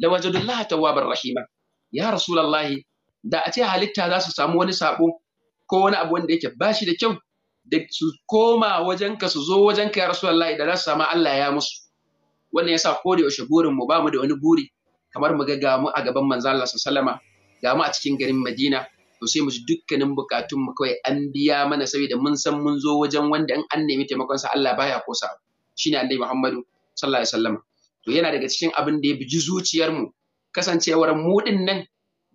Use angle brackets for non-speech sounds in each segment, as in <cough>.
lawajadullaha tawwabar rahima ya rasulullahi da a ce halitta za su samu wani sabo ko wani abu wanda yake ke bashi da kyau da su koma wajenka su zo wajenka ya rasulullahi da za su samu Allah ya musu wannan yasa ko da yaushe burin mu bamu da wani buri kamar mu ga mu a gaban manzo Allah sallama ga mu a cikin garin Madina to sai mu ji dukkanin bukatun mu kawai an biya mana saboda mun san mun zo wajen wanda in an nemi taimakon sa Allah baya kosa shine Annabi Muhammadu sallallahu alaihi wasallam to yana daga cikin abin da ya biji zuciyarmu kasancewar mu din nan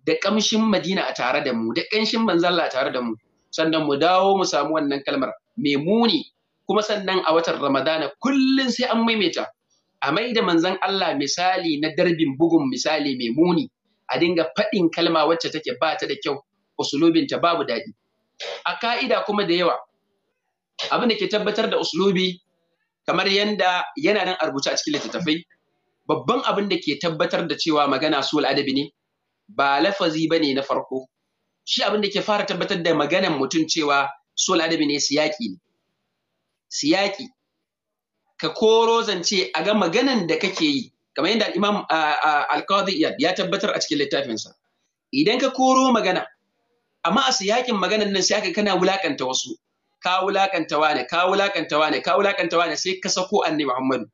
da kamshin Madina a tare da mu da kanshin manzalla a tare da mu sannan mu dawo mu samu wannan kalmar mai muni kuma sannan a watan Ramadana kullum sai an maimaita a mai da manzon Allah misali na darbin bugun misali mai muni a dinga faɗin kalma wacce take ba ta da kyau ta babu daɗi a ka'ida kuma da yawa abin da ke tabbatar da usulubi kamar yanda yana nan a rubuce a cikin littattafai babban abin da ke tabbatar da cewa magana sul adabi ne ba lafazi ba ne na farko shi abin da ke fara tabbatar da maganan mutum cewa sul adabi ne siyaki ne siyaki ka koro zance a ga maganan da kake yi kamar yadda imam alkawadi ya tabbatar a cikin littafinsa idan ka koro magana amma a siyakin maganan nan sai aka kana wulakanta wasu ka wulakanta wane ka wulakanta wane ka wulakanta wane sai ka sako annabi Muhammadu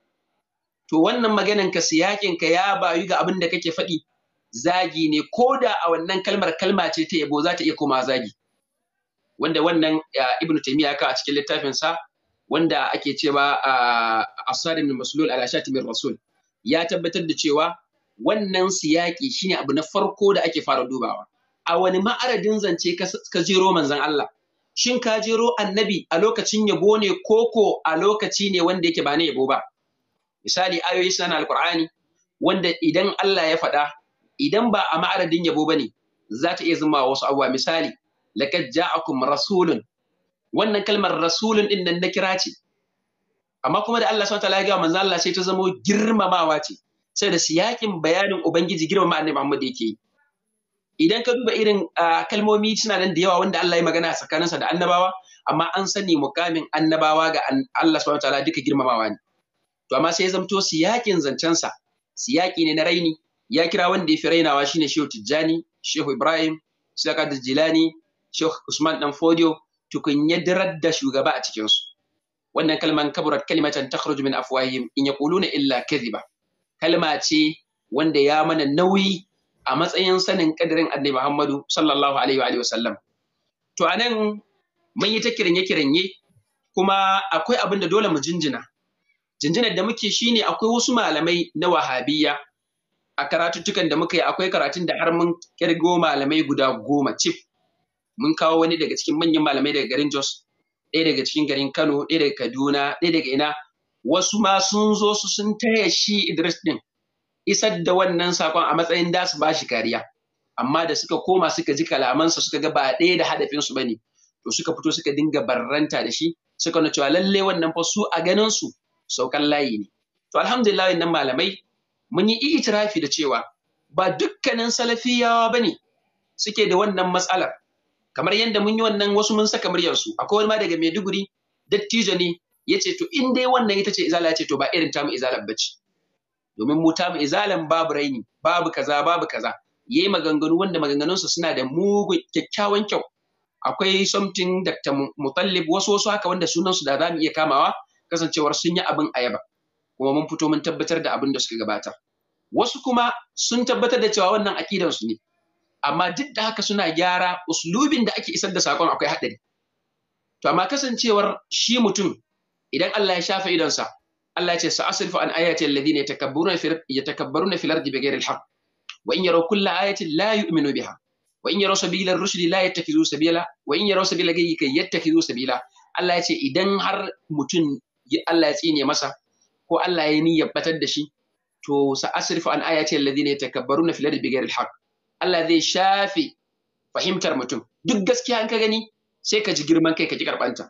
to wannan maganan ka siyakin ka ya bayu ga abin da kake faɗi zagi ne ko da a wannan kalmar kalma ce ta yabo za ta iya koma zagi wanda wannan ibnu taymiya ka a cikin littafin sa wanda ake cewa asar maslul ala shatimin rasul ya tabbatar da cewa wannan siyaki shine abu na farko da ake fara dubawa a wani ma'aradin zance ka jero manzon Allah shin ka jero annabi a lokacin yabo ne koko a lokaci ne wanda yake ba na yabo ba misali ayoyi na alqur'ani wanda idan Allah ya faɗa idan ba a ma'aradin yabo bane za ta iya zama wasu abubuwa misali laqad ja'akum rasulun wannan kalmar rasulun din nan na kira ce amma kuma da Allah subhanahu ta'ala ya ga manzo Allah sai ta zama girmamawa ce sai da siyakin bayanin ubangiji girmama annabi Muhammad yake yi idan ka duba irin kalmomi suna nan da yawa wanda Allah ya magana tsakaninsa da annabawa amma an sani mukamin annabawa ga Allah subhanahu ta'ala duka girmamawa ne to amma sai ya zamto siyakin zancensa siyaki ne na raini ya kira wanda ya fi rainawa shine Shehu Tijjani Shehu Ibrahim da Jilani Shehu Usman dan Fodio tukun dirar da shugaba a cikin su wannan kalman kaburat kalimatan takhruj min afwahihim in yaquluna illa kadhiba kalma ce wanda ya mana nauyi a matsayin sanin kadirin Annabi Muhammadu sallallahu alaihi wa alihi wasallam to anan mun yi ta kiranye kiranye kuma akwai abinda dole mu jinjina jinjinar da muke shine akwai wasu malamai na wahabiyya a karatuttukan da muka yi akwai karatun da har mun kirgo malamai guda goma cif mun kawo wani daga cikin manyan malamai daga garin Jos ɗaya daga cikin garin Kano ɗaya daga Kaduna ɗaya daga ina wasu ma sun zo su sun taya shi Idris din isar da wannan sakon a matsayin da su bashi kariya amma da suka koma suka ji kalamansa suka ga ba ɗaya da hadafinsu bane to suka fito suka dinga barranta da shi suka na cewa lalle wannan fa su a ganin su saukan layi ne to alhamdulillah nan malamai mun yi itirafi da cewa ba dukkanin salafiyawa ba ne suke da wannan matsalar kamar yadda mun yi wannan wasu mun saka muryarsu akwai wani ma daga Maiduguri dattijo ne ya ce to in dai wannan ita ce izala ce to ba irin tamu ba ce. domin mu tamu izalan babu raini babu kaza babu kaza yayi maganganu wanda maganganunsa suna da mugun kyakkyawan kyau akwai something Dr. Mutallib wasu wasu haka wanda sunansu da za mu iya kamawa kasancewar sun yi abin ayaba kuma mun fito mun tabbatar da abin da suka gabata wasu kuma sun tabbatar da cewa wannan akidan ne amma duk da haka suna gyara uslubin da ake isar da sakon akwai haɗari to amma kasancewar shi mutum idan Allah ya shafa idonsa Allah ya ce sa'asrifu an ayati alladhina yatakabbaruna fi yatakabbaruna fil ardi bighayri alhaq wa in yaraw kulla ayatin la yu'minu biha wa in yaraw sabila ar rusuli la yattakhidhu sabila wa in yaraw sabila ghayyi yattakhidhu sabila Allah ya ce idan har mutum Allah ya tsine masa ko Allah ya niyyar batar da shi to sa asrifu an ayati alladhina yatakabbaruna fil ardi bighayri alhaq Allah zai shafe fahimtar mutum duk gaskiya in ka gani sai ka ji girman kai ka ji karbanta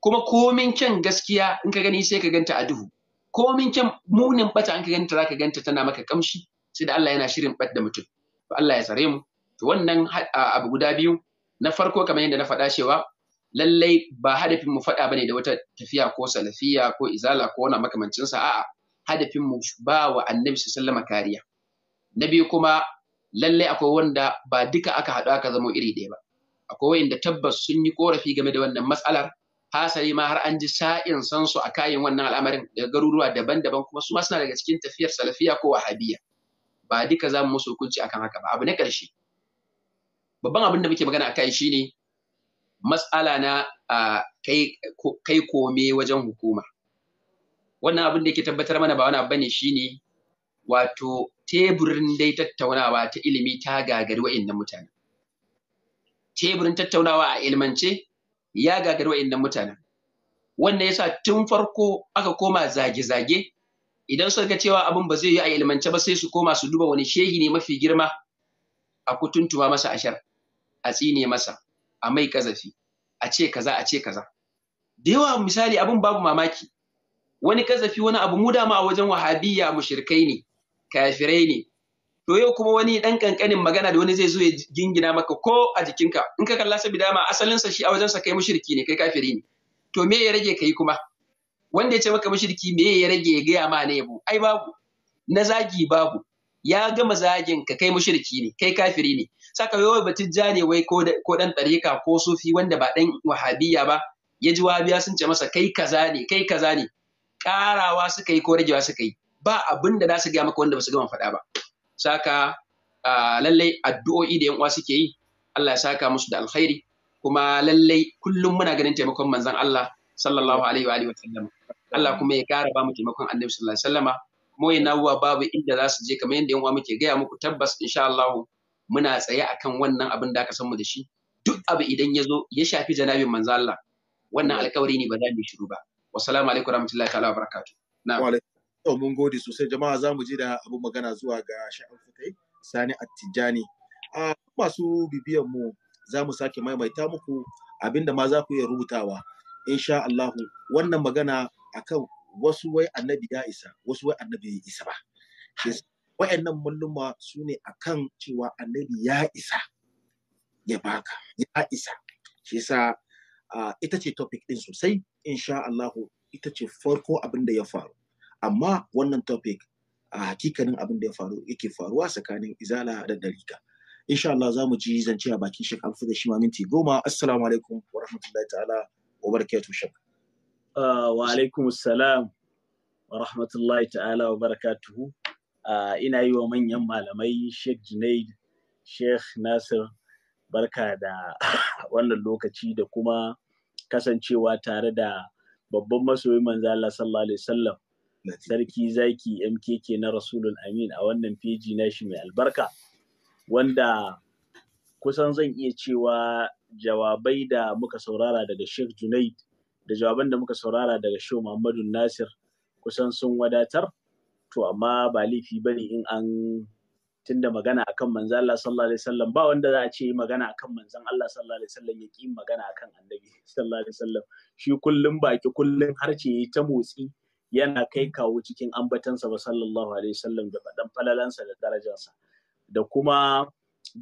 kuma komin kyan gaskiya in ka gani sai ka ganta a duhu komin kyan munin bata in ka ganta zaka ganta tana maka kamshi sai da Allah yana shirin bat da mutum to Allah ya tsare mu to wannan abu guda biyu na farko kamar yadda na faɗa cewa lallai ba hadafin mu faɗa bane da wata tafiya ko salafiya ko izala ko wani makamancin sa a'a hadafin mu ba wa annabi sallama kariya na biyu kuma lallai akwai wanda ba duka aka haɗu aka zama iri ɗaya ba akwai wanda tabbas sun yi korafi game da wannan matsalar hasali ma har an ji sa'in san su a kayan wannan al'amarin daga garuruwa daban-daban kuma su ma suna daga cikin tafiyar salafiya ko wahabiyya ba duka za mu musu hukunci akan haka ba abu na ƙarshe babban abin da muke magana akai ne. matsala na kai kome wajen hukuma wannan abin da ke tabbatar mana ba wani abu bane shine wato teburin dai tattaunawa ta ilimi ta gagari wa'annan mutane teburin tattaunawa a ilmance ya gagari wa'annan mutane wannan yasa tun farko aka koma zage-zage idan suka ga cewa abin ba zai yi a ilmance ba sai su koma su duba wani shehi ne mafi girma a kutuntuma masa ashar a tsine masa a mai kazafi a ce kaza a ce kaza da yawa misali abin babu mamaki wani kazafi wani abu mu dama a wajen wahabiyya mushrikai ne kafirai ne to yau kuma wani dan kankanin magana da wani zai zo ya gingina maka ko a jikinka in ka kalla sabida ma asalin sa shi a wajen sa kai mushriki ne kai kafiri ne to me ya rage kai kuma wanda ya ce maka mushriki me ya rage ya gaya ma ne yabo ai babu na zagi babu ya gama zagin ka kai mushirki ne kai kafiri ne saka ba batun jani wai ko dan ɗarika ko sufi wanda ba dan wahabiya ba ya ji wahabiya sun ce masa kai kaza ne kai kaza ne karawa suka yi ko ragewa suka yi ba abin da za su gaya maka wanda ba su gama faɗa ba saka lallai addu'o'i da yan uwa suke yi Allah ya saka musu da alkhairi kuma lallai kullum muna ganin taimakon manzon Allah sallallahu alaihi wa alihi wa sallam Allah kuma ya kara ba mu taimakon annabi sallallahu alaihi wa sallama moyin babu inda za su je kamar yadda yan uwa muke gaya muku tabbas insha Allah muna tsaye akan wannan abin da aka san mu da shi duk abu idan ya zo ya shafi janabin manzo Allah wannan alkawari ne ba za mu shiru ba wassalamu alaikum warahmatullahi ta'ala Na na'am to mun gode sosai jama'a za mu je da abin magana zuwa ga sha'an fukai sani attijani a masu bibiyan mu za mu sake maimaita muku abinda ma za ku iya rubutawa insha Allah wannan magana akan wasu wai annabi ya isa wasu wai annabi ya isa ba wa'annan mulluma su ne a kan cewa annabi ya isa ya baka ya isa shi yasa ita ce topic din sosai insha Allah ita ce farko abin da ya faru amma wannan topic a hakikanin abin da ya faru yake faruwa tsakanin izala da dalika insha Allah za mu ji zance a bakin shek alfu da shi ma minti goma assalamu alaikum wa rahmatullahi ta'ala wa barakatuh shek wa alaikum assalam wa rahmatullahi ta'ala wa barakatuhu Ah, ina yi wa manyan malamai Sheikh Junaid, Sheikh Nasir barka da <coughs> wannan lokaci da kuma kasancewa tare da babban masoyi manzo Allah sallallahu alaihi wasallam sarki zaki MKK na Rasulul Amin a wannan feji na shi mai albarka wanda kusan zan iya cewa jawabai da muka saurara daga Sheikh Junaid da jawaban da muka saurara daga Sheikh Muhammadu Nasir kusan sun wadatar to amma ba laifi bane in an tunda magana akan manzon Allah sallallahu alaihi wasallam ba wanda za a ce magana akan manzan, Allah sallallahu alaihi wasallam ya ki magana akan annabi sallallahu alaihi wasallam shi kullum baki kullum harce ta motsi yana kai kawo cikin ambatansa ba sallallahu alaihi wasallam da faɗan falalansa da darajarsa da kuma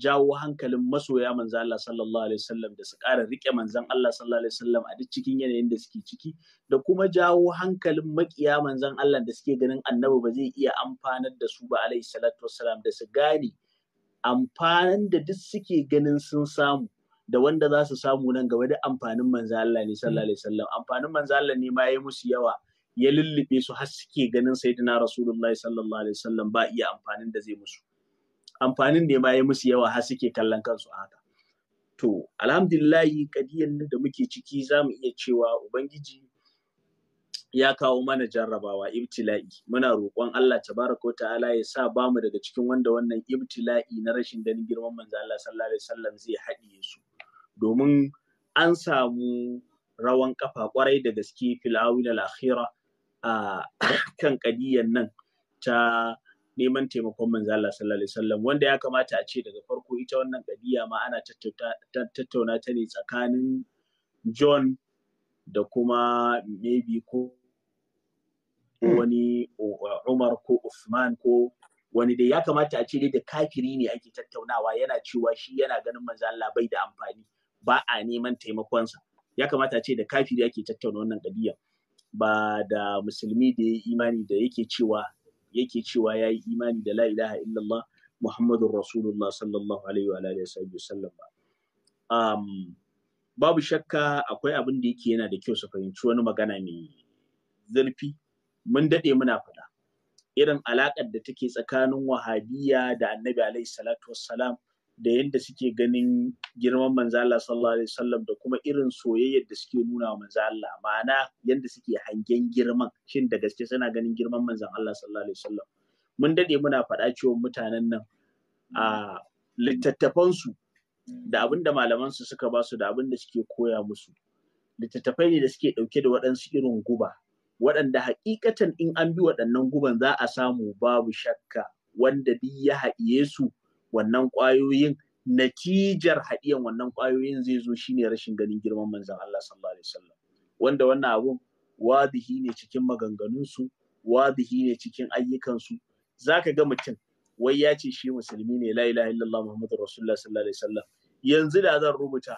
jawo hankalin masoya manzo Allah sallallahu alaihi wasallam da su ƙara riƙe manzan Allah sallallahu alaihi wasallam a duk cikin yanayin da suke ciki da kuma jawo hankalin makiya manzan Allah da suke ganin annabi ba zai iya amfanar da su ba alaihi salatu wassalam da su gane amfanan da duk suke ganin sun samu da wanda za su samu nan gaba da amfanin manzo Allah ne sallallahu alaihi wasallam amfanin manzo Allah ne ma ya musu yawa ya lullube su har suke ganin sayyidina rasulullahi sallallahu alaihi wasallam ba iya amfanin da zai musu amfanin ne ma ya musu yawa har suke kallon kansu haka to alhamdulillahi kadiyan da muke ciki za mu iya cewa ubangiji ya kawo mana jarrabawa ibtila'i muna roƙon Allah tabaraka wa ta'ala ya sa ba mu daga cikin wanda wannan ibtila'i na rashin ganin girman manzo Allah sallallahu alaihi wasallam zai haɗiye su domin an samu rawan kafa kwarai da gaske filawil al-akhira a <coughs> kan kadiyan nan ta neman taimakon manzo Allah sallallahu alaihi wasallam wanda ya kamata a ce daga farko ita wannan kabiya ma ana tattauna ta ne tsakanin John da kuma maybe ko hmm. wani Umar ko Uthman ko wani dai ya kamata a ce dai da kafiri ne ake tattaunawa yana cewa shi yana ganin manzo Allah bai da amfani ba a neman taimakonsa ya kamata a ce da kafiri ake tattauna wannan kabiya ba da musulmi da imani da yake cewa yake cewa ya yi imani da la'ilaha illallah muhammadun rasulullah sallallahu alaihi wa alihi wasallam ba um, babu shakka akwai abin da yake yana da kyau su fahimci wani magana mai zurfi mun daɗe muna faɗa irin alaƙar da take tsakanin wahabiya da annabi alaihi salatu wassalam da yadda suke ganin girman manzo Allah sallallahu alaihi wasallam da kuma irin soyayyar da suke nuna wa manzo Allah ma'ana yadda suke hangen girman shin da gaske suna ganin girman manzon Allah sallallahu alaihi wasallam mun dade muna faɗa cewa mutanen nan a su da abin da malaman su suka basu da abin da suke koya musu littattafai ne da suke ɗauke da waɗansu irin guba waɗanda hakikatan in an bi waɗannan guban za a samu babu shakka wanda duk ya haɗiye su wannan ƙwayoyin natijar haɗiyan wannan ƙwayoyin zai zo shine rashin ganin girman manzon Allah sallallahu alaihi wasallam wanda wannan abun wadihi ne cikin maganganunsu wadihi ne cikin ayyukansu zaka ga mutum wai ya ce shi musulmi ne la ilaha illallah muhammadur rasulullah sallallahu alaihi wasallam yanzu da zan rubuta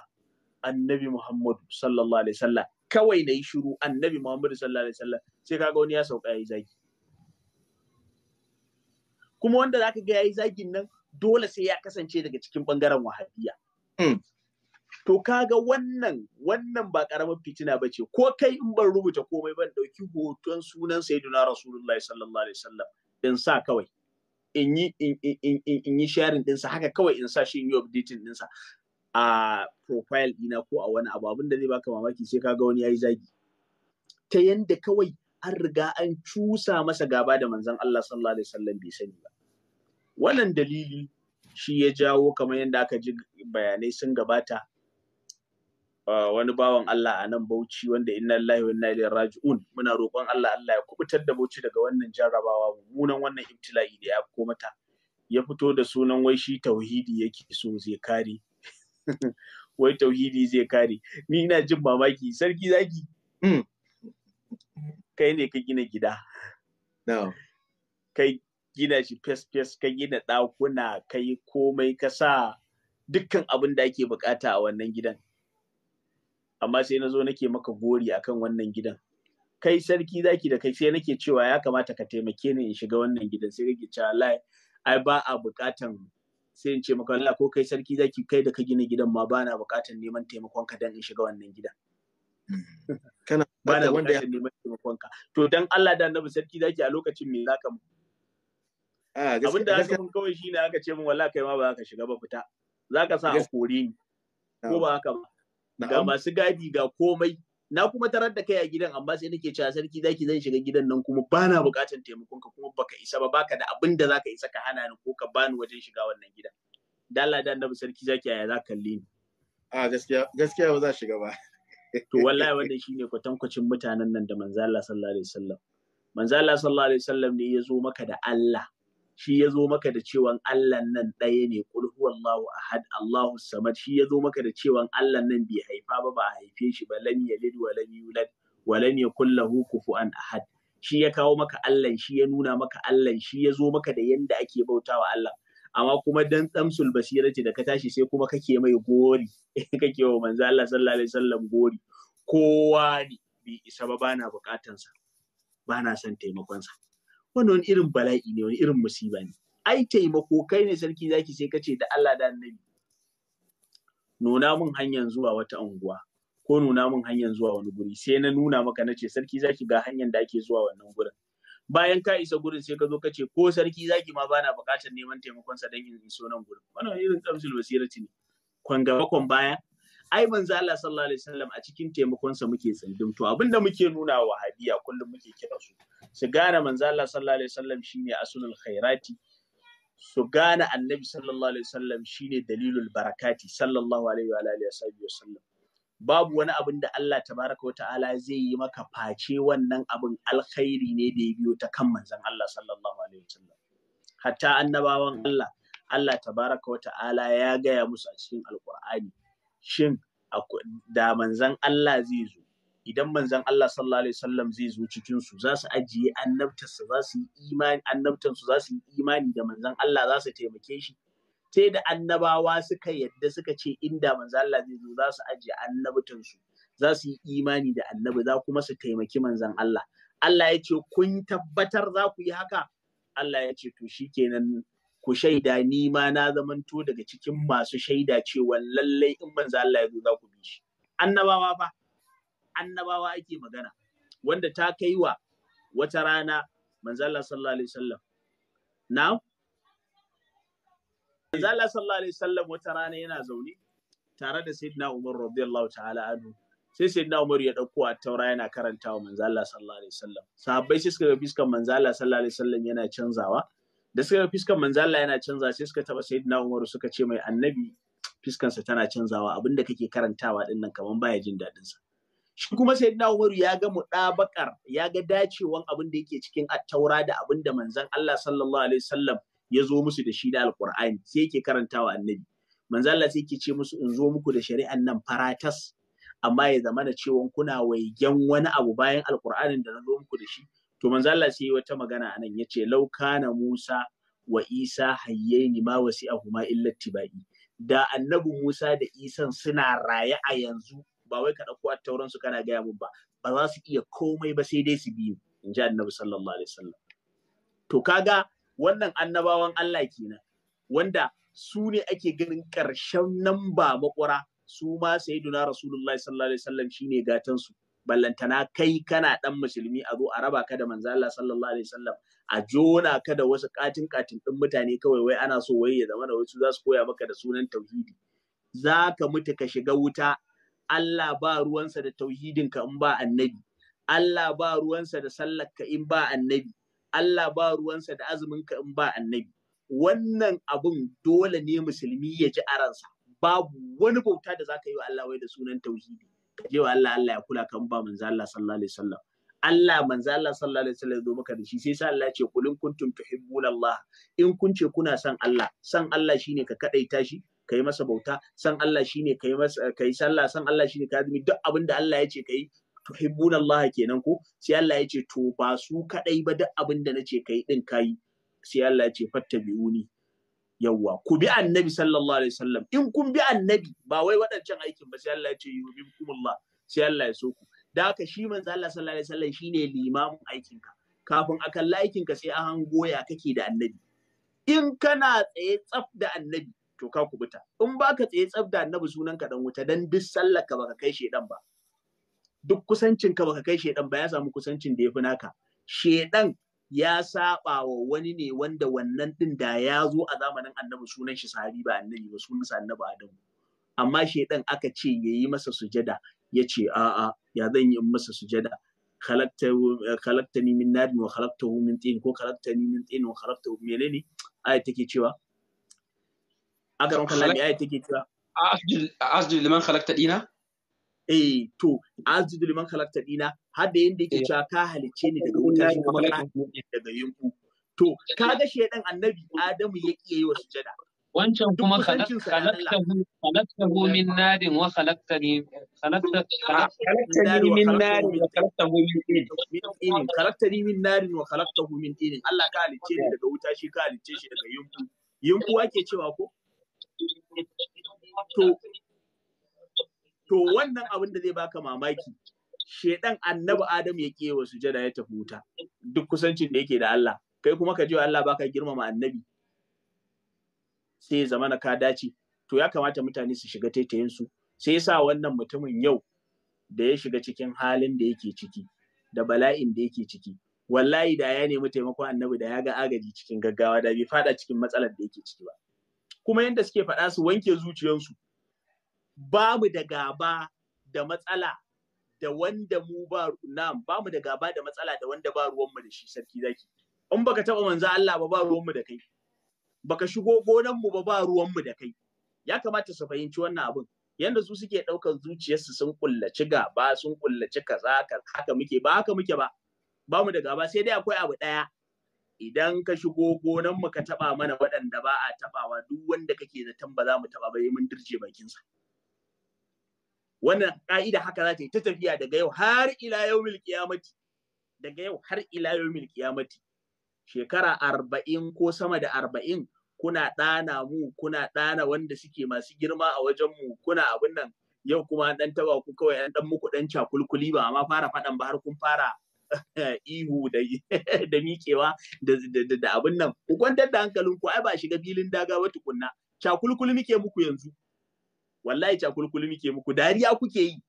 annabi muhammad sallallahu alaihi wasallam kawai na yi shiru annabi muhammad sallallahu alaihi wasallam sai kaga wani ya sauka yayi zagi kuma wanda zaka ga yayi zagin nan dole sai ya kasance daga cikin ɓangaren wahabiya. Hmm. To kaga wannan wannan ba ƙaramin fitina ba ce ko kai in ban rubuta komai ban ɗauki hoton sunan sayyiduna rasulullahi sallallahu alaihi wasallam in sa kawai in yi in yi sharing ɗinsa haka kawai in sa shi in yi updating ɗinsa a profile ɗina ko a wani abu abin da zai baka mamaki sai kaga wani yi zagi ta yanda kawai an riga an cusa masa gaba da manzon Allah sallallahu alaihi wasallam bai sani ba wannan dalili shi ya jawo kamar yadda aka ji bayanai sun gabata uh, wani bawan Allah a nan Bauchi wanda inna lillahi wa inna ilaihi raji'un muna roƙon Allah Allah ya kubutar da Bauchi daga wannan jarrabawa mummunan wannan ibtila'i da ya fito mata ya fito da sunan wai shi tauhidi yake so zai kare <laughs> wai tauhidi zai kare ni ina jin mamaki sarki zaki hmm. kai ne ka gina gida kai gina shi fes-fes ka gina ɗakuna ka yi komai ka sa dukkan abin da ake bukata a wannan gidan amma sai na zo nake maka gori a kan wannan gidan kai sarki zaki da kai sai nake cewa ya kamata ka taimake ni in shiga wannan gidan sai kake cewa lai ai ba a bukatan sai in ce maka Allah ko kai sarki zaki kai da ka gina gidan ma ba na bukatan neman taimakon ka dan in shiga wannan gidan kana ba na wanda ya neman taimakon ka to dan Allah da Annabi sarki zaki a lokacin me zaka abin da aka mun kawai shine aka ce min wallahi kai ma ba za ka shiga ba fita za ka sa a kore ni ko ba haka ba ga masu gadi ga komai na kuma tarar da kai a gidan amma sai nake cewa sarki zaki zan shiga gidan nan kuma bana buƙatar taimakon ka kuma baka isa ba baka da abin da zaka isa ka hana ni ko ka bani wajen shiga wannan gidan dalla da annabi sarki zaki yaya za kalle ni a gaskiya gaskiya ba za shiga ba to wallahi wannan shine kwatankwacin mutanen nan da manzo Allah sallallahu alaihi wasallam manzo Allah sallallahu alaihi wasallam ne ya zo maka da Allah shi ya zo maka da cewan Allah nan ɗaya ne kul huwallahu ahad Allahu samad shi ya zo maka da cewan Allah nan bai haifa ba ba haife shi ba lam yalid wa lam yulad wa lam yakul lahu kufuwan ahad shi ya kawo maka Allah shi ya nuna maka Allah shi ya zo maka da yanda ake bautawa Allah amma kuma dan tsamsul basirati da ka tashi sai kuma kake mai gori <laughs> kake wa manzo Allah sallallahu alaihi wasallam gori kowa ne bai isa ba bana bukatansa bana son taimakonsa wani wani irin bala'i ne wani irin musiba ne ai taimako kai ne sarki zaki sai kace da Allah da annabi nuna mun hanyar zuwa wata unguwa ko nuna mun hanyar zuwa wani guri sai na nuna maka nace sarki zaki ga hanyar da ake zuwa wannan gurin bayan ka isa gurin sai ka zo kace ko sarki zaki ma bana buƙatar neman taimakon sa dan in iso nan gurin wannan irin kamsul basirati ne kwan gaba kwan baya ai manzo Allah sallallahu alaihi wasallam a cikin taimakon sa muke tsindim to abinda muke nuna wa wahabiya kullum muke kira su su gane manzo Allah sallallahu alaihi wasallam shine asulul khairati su gane annabi sallallahu alaihi wasallam shine dalilul barakati sallallahu alaihi wa alihi wasallam babu wani abin da Allah tabaraka wa ta'ala zai yi maka face wannan abin alkhairi ne da ya biyo ta kan manzon Allah sallallahu alaihi wasallam hatta annabawan Allah Allah tabaraka wa ta'ala ya gaya musu a cikin alqur'ani shin da manzon Allah zai zo idan manzon Allah sallallahu alaihi wasallam zai zo cikin su za su ajiye annabtarsa za su yi imani annabtan za su yi imani da manzon Allah za su taimake shi sai da annabawa suka yadda suka ce inda manzon Allah zai zo za su ajiye annabtan su za su yi imani da annabi za kuma su taimaki manzon Allah Allah ya ce kun tabbatar za ku yi haka Allah ya ce to shikenan ku shaida ni ma na zamanto daga cikin masu shaida cewa lallai in manzo Allah ya zo za ku bi shi annabawa ba. annabawa ake magana wanda ta kai wa wata rana manzo Allah sallallahu alaihi wasallam na manzo Allah sallallahu alaihi wasallam wata rana yana zaune tare da sayyidina Umar radiyallahu ta'ala anhu sai sayyidina Umar ya dauko a taura yana karantawa manzo Allah sallallahu alaihi wasallam sahabbai sai suka ga fiskan manzo Allah sallallahu alaihi wasallam yana canzawa da suka ga fiskan manzo Allah yana canza sai suka taba sayyidina Umar suka ce mai annabi fiskansa tana canzawa abinda kake karantawa dinnan kaman baya jin dadin sa shi kuma na Umaru ya ga mudabakar ya ga dacewan abin da yake cikin attaura da abin da manzon Allah sallallahu alaihi wasallam ya zo musu da shi da alqur'ani sai yake karantawa annabi manzon Allah sai yake ce musu in zo muku da shari'an nan faratas amma ya zama da cewa kuna waigen wani abu bayan alqur'anin da na zo muku da shi to manzon Allah sai wata magana anan yace lau kana Musa wa Isa hayyaini ma wasi'ahuma illa tibai da annabi Musa da Isan suna raye a yanzu ba wai ka ɗauko attauran su kana gaya mun ba ba za su iya komai ba sai dai su biyu in ji annabi sallallahu alaihi wasallam to kaga wannan annabawan Allah kenan wanda su ne ake ganin ƙarshen nan ba makwara su ma sayyiduna rasulullahi sallallahu alaihi wasallam shine gatan su ballantana kai kana ɗan musulmi a zo a raba ka da manzo Allah sallallahu alaihi wasallam a jona ka da wasu katin katin din mutane kawai wai ana so wai ya zama da wasu za su koya maka da sunan tauhidi za ka mutu ka shiga wuta Allah ba ruwansa da tauhidinka in ba annabi Allah ba ruwansa da sallarka in ba annabi Allah ba ruwansa da azuminka in ba annabi wannan abun dole ne musulmi ya ji a ransa babu wani bauta da zaka yi wa Allah wai da sunan tauhidi Kaje wa Allah Allah ya kula kan ba manzo Allah sallallahu alaihi wasallam Allah manzo Allah sallallahu alaihi wasallam zo maka da shi sai sa Allah ce kulin kuntum tuhibbuna Allah in kun ce kuna son Allah son Allah shine ka kadaita shi kai masa bauta san Allah shi ne masa kai sallah san Allah shi ne ka azumi duk abin da Allah ya ce kai tuhibbuna Allah kenan ko sai Allah ya ce to ba su kadai ba duk abin da nace kai din kai sai Allah ya ce fattabi'uni yawwa ku bi annabi sallallahu alaihi wasallam in kun bi annabi ba wai waɗancan aikin ba sai Allah ya ce yuhibbukumullah sai Allah ya so ku da haka shi manzo Allah sallallahu alaihi wasallam shine limamin aikinka kafin a kalla ka sai an hango ya kake da annabi in kana tsaye tsaf da annabi to ka kubuta in baka tsaye tsaf da annabi sunan ka dan wuta dan duk sallar ka baka kai shedan ba duk kusancin ka baka kai shedan ba ya samu kusancin da ya fi naka shedan ya saba wa wani ne wanda wannan din da ya zo a zamanin annabi sunan shi sahabi ba annabi ba sunan sa annabi adamu amma shedan aka ce yayi masa sujada ya ce a'a ya zan yi masa sujada khalaqtani min nar wa khalaqtahu min tin ko khalaqtani min tin wa khalaqtahu menene aya take cewa agaran kallon ya take eh, har da yanda yake eh. cewa ka halice ni daga wuta shi kuma ka daga yanku to kaga shedan annabi adamu ya kiye yi wa sujada wancan kuma khalaqtahu narin wa khalaqtahu min tin ka halice ni eh. daga wuta ka shi ake cewa ko to to wannan abin da zai baka mamaki shedan annabi adam ya kewa sujada ya tafi wuta duk kusancin da yake da Allah kai kuma ka ji Allah baka girmama annabi sai ya zama ka dace to ya kamata mutane su shiga taitayin su sai sa wannan mutumin yau da ya shiga cikin halin da yake ciki da bala'in da yake ciki wallahi da ya nemi taimakon annabi da ya ga agaji cikin gaggawa da bai fada cikin matsalar da yake ciki ba kuma yadda suke faɗa su wanke zuciyarsu babu da gaba da matsala da wanda mu ba na'am bamu da gaba da matsala da wanda ba ruwanmu da shi sarki zaki in baka taba manzo Allah ba ba ruwanmu da kai baka shigo gonan mu ba ba ruwanmu da kai ya kamata su fahimci wannan abun. yanda su suke ɗaukar zuciyarsu sun kullaci gaba sun kullaci kaza haka muke ba haka muke ba ba mu da gaba sai dai akwai abu ɗaya idan ka shigo gonan mu ka taba mana waɗanda ba a tabawa duk wanda kake zaton ba za mu taba ba mun dirje bakin wannan ka'ida haka za ta yi ta tafiya daga yau har ila yaumil kiyamati. daga yau har ila yaumil kiyamati. shekara arba'in ko sama da arba'in kuna ɗana mu kuna ɗana wanda suke masu girma a wajen mu kuna abin nan yau kuma dan taba ku kawai an dan muku dan cakulkuli ba amma fara faɗan ba har kun fara <laughs> ihu <laughs> da miƙewa da abin nan ku kwantar da hankalin ku ai ba shiga filin daga ba tukunna cakulkul muke muku yanzu wallahi cakulkul muke muku dariya kuke yi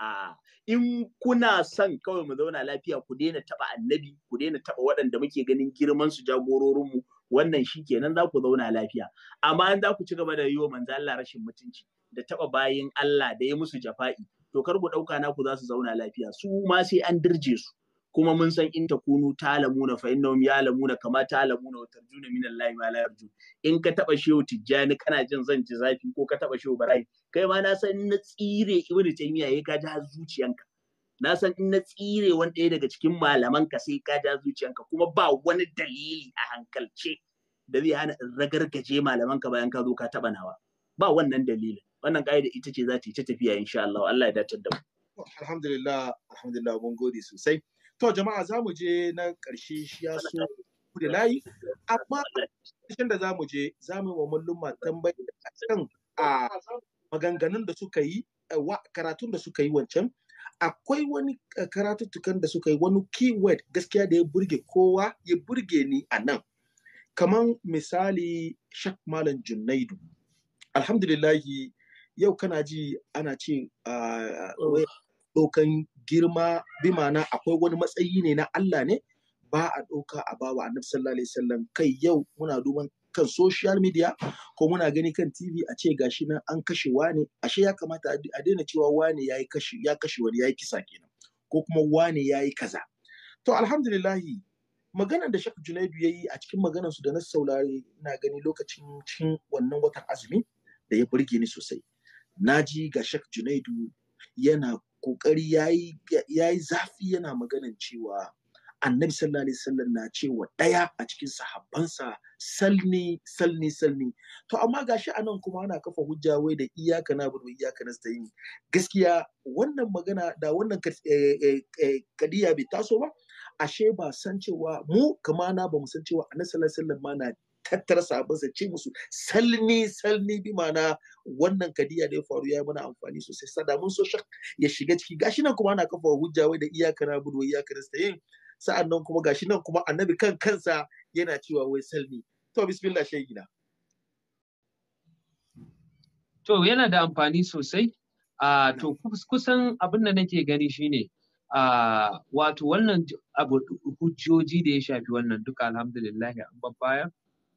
a in kuna son kawai mu zauna lafiya ku daina taba annabi ku daina taɓa waɗanda muke ganin girman su jagororinmu wannan shikenan za ku zauna lafiya amma in za ku ci gaba da yiwo manzo Allah rashin mutunci da taba bayin Allah da ya musu jafa'i to kar ku ɗauka ku za su zauna lafiya su ma sai an dirje su kuma mun san in ta lamuna, fa ya lamuna, kama ta lamuna. wa tarjuna min Allah ma la yarju in ka taba shehu tijjani kana jin zan ji zafi ko ka taba shehu barai kai ma na san na tsire ibnu taymiya yayi ka ji har zuciyanka na san in na tsire wani ɗaya daga cikin malaman ka sai ka ji zuciyanka kuma ba wani dalili a hankalce da zai hana ragargaje malaman ka bayan ka zo ka taba nawa ba wannan dalilin wannan ka'ida ita ce za ta yi ta tafiya insha Allah Allah ya dace da mu alhamdulillah alhamdulillah mun gode sosai To jama'a za mu je na ƙarshe shi ya so da layi, amma ƙarshen da za mu je za mu yi wa malluma tambayi a kan a maganganun da suka yi karatun da suka yi wancan akwai wani karatuttukan da suka yi wani keyword gaskiya da ya burge kowa ya burge ni a nan kamar misali shak malam junnaidu alhamdulillahi yau kana ji ana ce oh. ɗaukan girma bi ma'ana akwai wani matsayi ne na Allah ne ba a ɗauka a bawa annabi sallallahu alaihi wasallam kai yau muna duban kan social media ko muna gani kan TV a ce gashi nan an kashe wani ashe ya kamata a daina cewa wani ya kashe ya kashe wani yayi kisa kenan ko kuma wani yayi kaza to alhamdulillahi maganar da Sheikh Junaidu yayi yi a cikin maganar su da na saurare ina gani lokacin cikin wannan watan azumi da ya burge ni sosai naji ga Sheikh Junaidu yana kokari yayi yayi zafi yana maganan cewa annabi sallallahu alaihi wasallam na cewa ɗaya a cikin sahabbansa salni salni salni to amma gashi anan kuma ana kafa hujja wai da iyaka na budu iyaka nasta'in gaskiya wannan magana da wannan eh, eh, eh, kadiya bai taso ba ashe ba san cewa mu kamana ba mu san cewa annabi sallallahu alaihi wasallam ma na tattara sabon sa ce musu salmi salmi bi mana wannan kadiya da ya faru ya yi mana amfani sosai sadamun so shak ya shiga ciki gashi nan kuma ana kafa hujja wai da iyaka na budu iyaka sa'an nan kuma gashi nan kuma annabi kan kansa yana cewa wai salmi to bismillah to yana da amfani sosai a to kusan abin da nake gani shine a wato wannan abu hujjoji da ya shafi wannan duka alhamdulillah an babbaya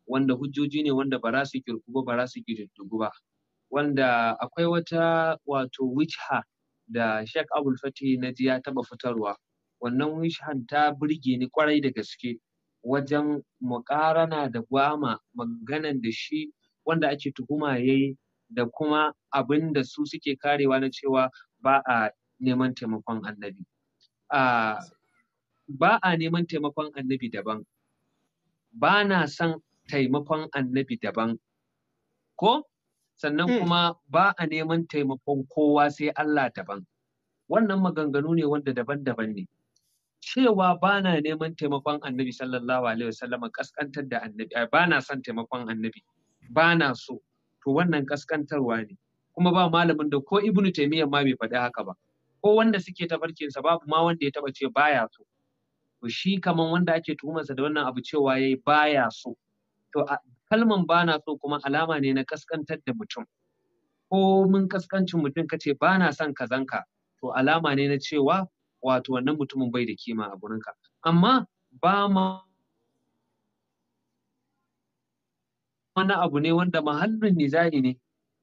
wanda hujjoji ne wanda ba za su kirku ba ba za su ba wanda akwai wata wato Wichha da Sheikh Abul Fati na ji ya taba fitarwa wannan wishan ta burge ni kwarai da gaske wajen muƙarana da gwama maganan da shi wanda ake tuhuma ya da kuma abin da su suke karewa na cewa ba a neman taimakon annabi. Ba a neman taimakon annabi daban. Ba na son taimakon annabi daban ko sannan hmm. kuma ba a neman taimakon kowa sai Allah daban wannan maganganu ne wanda daban-daban ne cewa ba na neman taimakon annabi sallallahu alaihi wasallam kaskantar da annabi eh, ba na son taimakon annabi ba na so to wannan kaskantarwa ne kuma ba malamin da ko ibnu taymiyyah ma bai faɗi haka ba ko wanda suke tafarkinsa babu ma wanda ya taba ce baya so to shi kaman wanda ake tuhumarsa da wannan abu cewa yayi baya so to kalman ba na so kuma alama ne na kaskantar da mutum ko mun kaskancin mutum ka ce ba na son kazanka to alama ne na cewa wato wannan mutumin bai da kima a gurinka amma ba ma wani abu ne wanda mahallin nizari ne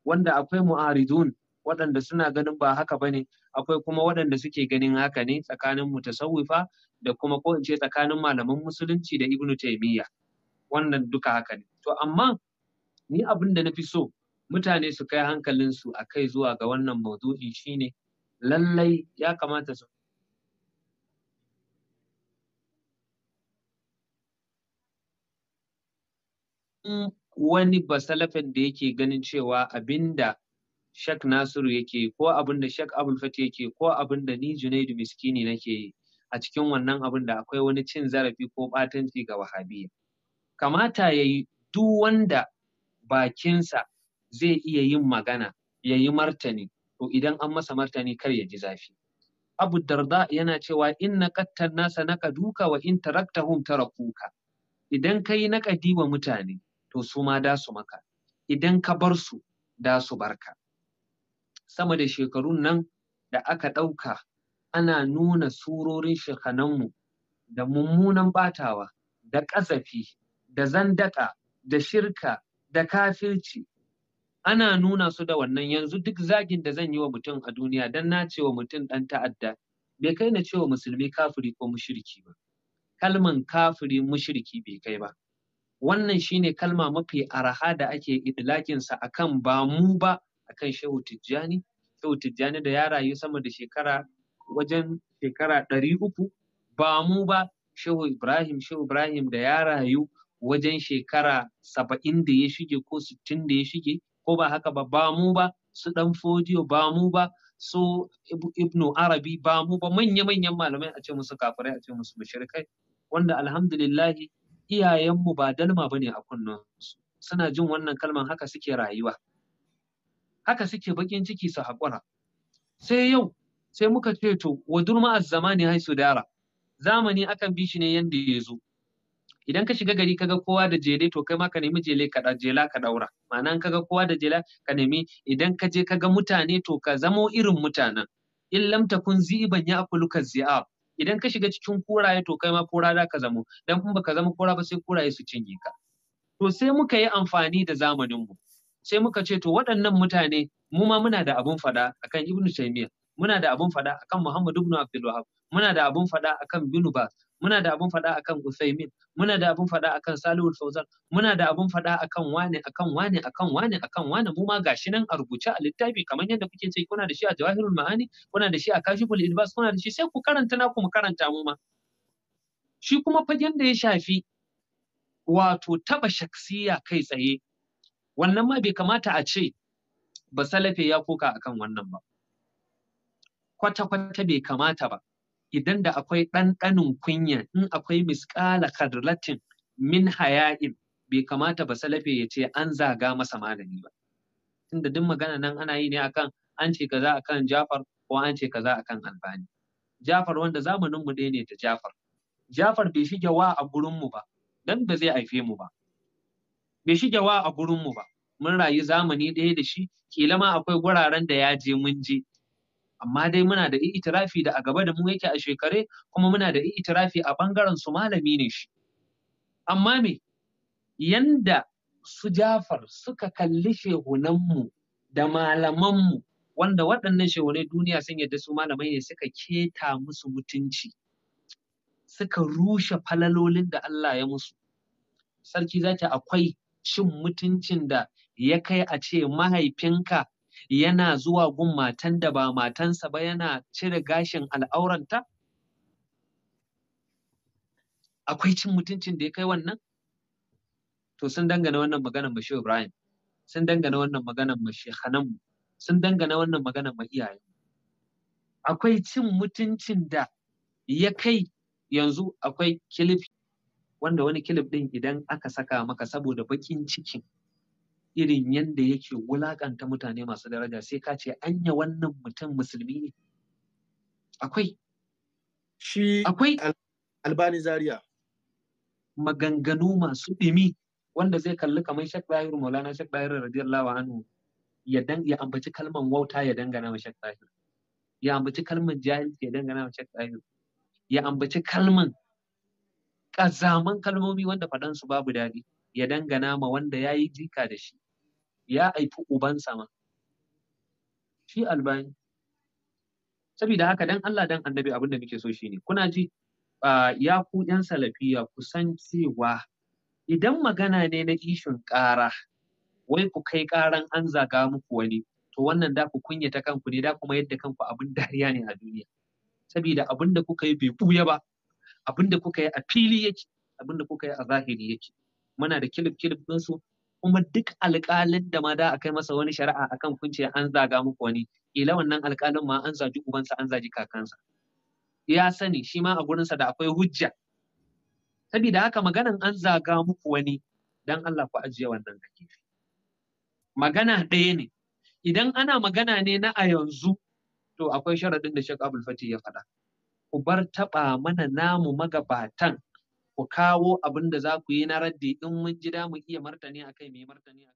wanda akwai mu'aridun waɗanda suna ganin ba haka ba ne akwai kuma waɗanda suke ganin haka ne tsakanin mutasawwifa da kuma ko in ce tsakanin malaman musulunci da ibnu taimiyya wannan duka haka ne to amma ni abin da na fi so mutane su kai hankalinsu a kai zuwa ga wannan maudu'i shine lallai ya kamata su wani basalafin da yake ganin cewa abinda Shak Nasiru yake ko abin da Shak Abul Fati yake ko abin da ni Junaidu Miskini nake yi a cikin wannan abin da akwai wani cin zarafi ko ɓatanci ga Wahabiyya. kamata ya yi duk wanda bakinsa zai iya yin magana ya yi martani to idan an masa martani kar ya ji zafi abu darda yana cewa in na kattar nasa na duka wa in tara kuka, idan ka yi naƙadi wa mutane to su ma da su maka idan ka bar su da su barka sama da shekarun nan da aka ɗauka ana nuna surorin mu da mummunan batawa da ƙazafi da zandaka da shirka da kafirci ana nuna su da wannan yanzu duk zagin da zan yi wa mutum a duniya don na ce wa mutum ɗan ta'adda bai kai na cewa musulmi kafiri ko mushriki ba kalman kafiri mushriki bai kai ba wannan shine kalma mafi araha da ake idlakinsa a akan ba mu ba akan shehu tijjani shehu tijjani da ya rayu sama da shekara wajen shekara ɗari uku ba mu ba shehu ibrahim shehu ibrahim da ya rayu wajen shekara saba'in da ya shige ko sittin da ya shige ko ba haka ba ba mu ba su dan fodiyo ba mu ba su ibnu arabi ba mu ba manya-manyan malamai a ce musu kafirai a ce musu mashirkai wanda alhamdulillahi iyayenmu ba dalma ba ne a kunnensu suna jin wannan kalman haka suke rayuwa haka suke bakin ciki su haƙura sai yau sai muka ce to wa durma zamani haisu dara zamani akan bi shi ne yanda ya zo idan ka shiga gari kaga kowa da jele to kai ma ka nemi jele ka jela ka daura ma'ana in kaga kowa da jela ka nemi idan ka je kaga mutane to ka zamo irin mutanen in lam takun ziban ya akuluka zi'ab idan ka shiga cikin kuraye to kai ma kura za ka zamo dan in baka zama kura ba sai kuraye su cinye ka to sai muka yi amfani da zamanin mu sai muka ce to waɗannan mutane mu ma muna da abun fada akan ibnu taymiya muna da abun fada akan muhammad ibnu abdul muna da abun fada akan binu bas muna da abin faɗa akan Usaimin muna da abun faɗa akan Salihul Fauzan muna da abun faɗa akan wane akan wane akan wane akan wane mu ma gashi nan a rubuce a littafi kamar yadda kuke ce kuna da shi a Jawahirul Ma'ani kuna da shi a Kashiful Ilbas kuna da shi sai ku karanta na ku mu karanta mu ma shi kuma fagen da ya shafi wato taba shaksiya kai tsaye wannan ma bai kamata a ce ba salafe ya koka akan wannan ba kwata-kwata bai kamata ba idan da akwai ɗanɗanin kunya in akwai misƙala karlatin min haya'in bai kamata ba salafe ya ce an zaga masa malami ba. Tunda duk magana nan ana yi ne akan an ce kaza akan Jafar ko an ce kaza akan Albani. Jafar wanda zamanin mu ne da Jafar. Jafar bai shige wa a gurin mu ba dan ba zai haife mu ba. Bai shige wa a gurin mu ba. Mun rayu zamani ɗaya da shi kila ma akwai guraren da ya je mun je amma dai muna da itirafi da a gaba da mu yake a shekare kuma muna da itirafi a bangaren su malami ne shi amma me yanda su jafar suka kalli shehunanmu da malamanmu wanda waɗannan shehunai duniya sun yadda su malamai ne suka keta musu mutunci suka rushe falalolin da Allah ya musu sarki zaki akwai cin mutuncin da ya kai a ce mahaifinka yana zuwa gun matan da ba matansa ba yana cire gashin al'auranta? Akwai cin mutuncin da ya kai wannan? To sun dangana wannan maganar mashi Ibrahim, sun dangana wannan maganar mashi Hananmu, sun dangana wannan maganar ma iyayen. Akwai cin mutuncin da ya kai yanzu akwai kilif wanda wani kilif ɗin idan aka saka maka saboda baƙin cikin irin yadda yake wulaƙanta mutane masu daraja sai ka ce anya wannan mutum musulmi ne akwai shi akwai albani zaria maganganu masu ɗimi wanda zai kalli kamar shek dahir maulana shek dahir radiyallahu anhu ya dan ya ambaci kalman wauta ya dangana ma shek dahir ya ambaci kalman jahilci ya dangana ma shek dahir ya ambaci kalman kazaman kalmomi wanda faɗansu babu daɗi ya dangana ma wanda ya yi jika da shi ya aifi ubansa ma shi albani saboda haka dan Allah dan annabi abinda muke so shi ne. kuna ji ya ku yan salafiya ku san cewa idan magana ne na ishin ƙara wai ku kai ƙaran an zaga muku wani to wannan da ku kunyata kanku ne da kuma yadda kanku abin dariya ne a duniya saboda abinda kuka yi bai buya ba Abinda kuka yi a fili yake abinda kuka yi a zahiri yake muna da kilif kilif su. kuma duk alƙalin da ma da a kai masa wani shari'a akan kunce an zaga muku wani ila wannan alƙalin ma an zaji ubansa an zaji kakansa ya sani shi ma a gurinsa da akwai hujja saboda haka maganan an zaga muku wani dan Allah ku ajiye wannan a magana ɗaya ne idan ana magana ne na a yanzu to akwai sharaɗin da Sheikh Abdul Fatih ya faɗa ku bar taɓa mana namu magabatan ku kawo abin da za ku yi na raddi in mun ji da mu iya martani a akai mai martani a kai.